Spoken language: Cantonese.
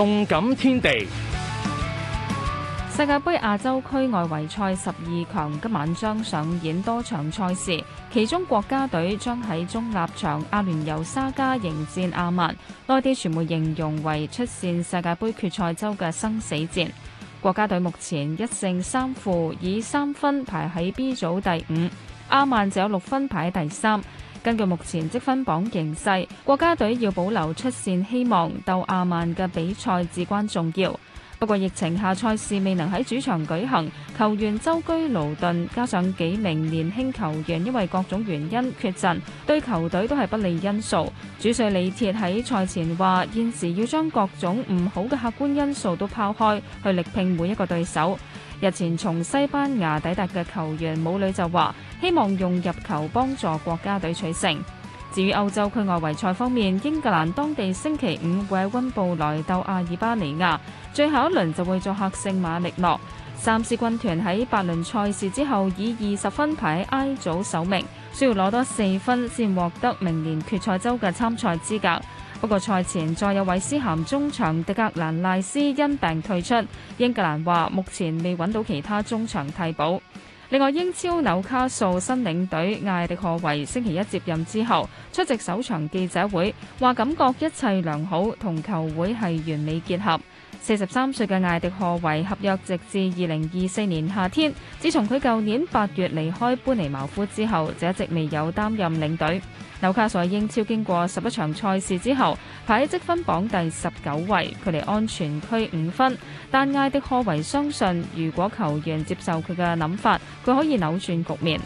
動感天地，世界杯亞洲區外圍賽十二強今晚將上演多場賽事，其中國家隊將喺中立場阿聯酋沙迦迎戰阿曼，內地傳媒形容為出線世界杯決賽周嘅生死戰。國家隊目前一勝三負，以三分排喺 B 組第五，阿曼就有六分排喺第三。根據目前積分榜形勢，國家隊要保留出線希望，鬥阿曼嘅比賽至關重要。不過，疫情下賽事未能喺主場舉行，球員舟車勞頓，加上幾名年輕球員因為各種原因缺陣，對球隊都係不利因素。主帥李鐵喺賽前話：現時要將各種唔好嘅客觀因素都拋開，去力拼每一個對手。日前從西班牙抵達嘅球員武磊就話：希望用入球幫助國家隊取勝。至於歐洲區外圍賽方面，英格蘭當地星期五會喺溫布萊鬥阿爾巴尼亞，最後一輪就會作客聖馬力諾。三獅軍團喺八輪賽事之後以二十分排喺 I 組首名，需要攞多四分先獲得明年決賽周嘅參賽資格。不過，賽前再有韋斯咸中場迪格蘭賴斯因病退出，英格蘭話目前未揾到其他中場替補。另外，英超紐卡素新領隊艾迪賀維星期一接任之後，出席首場記者會，話感覺一切良好，同球會係完美結合。四十三歲嘅艾迪賀維合約直至二零二四年夏天。自從佢舊年八月離開般尼茅夫之後，就一直未有擔任領隊。紐卡素喺英超經過十一場賽事之後，排喺積分榜第十九位，距離安全區五分。但艾迪科維相信，如果球員接受佢嘅諗法，佢可以扭轉局面。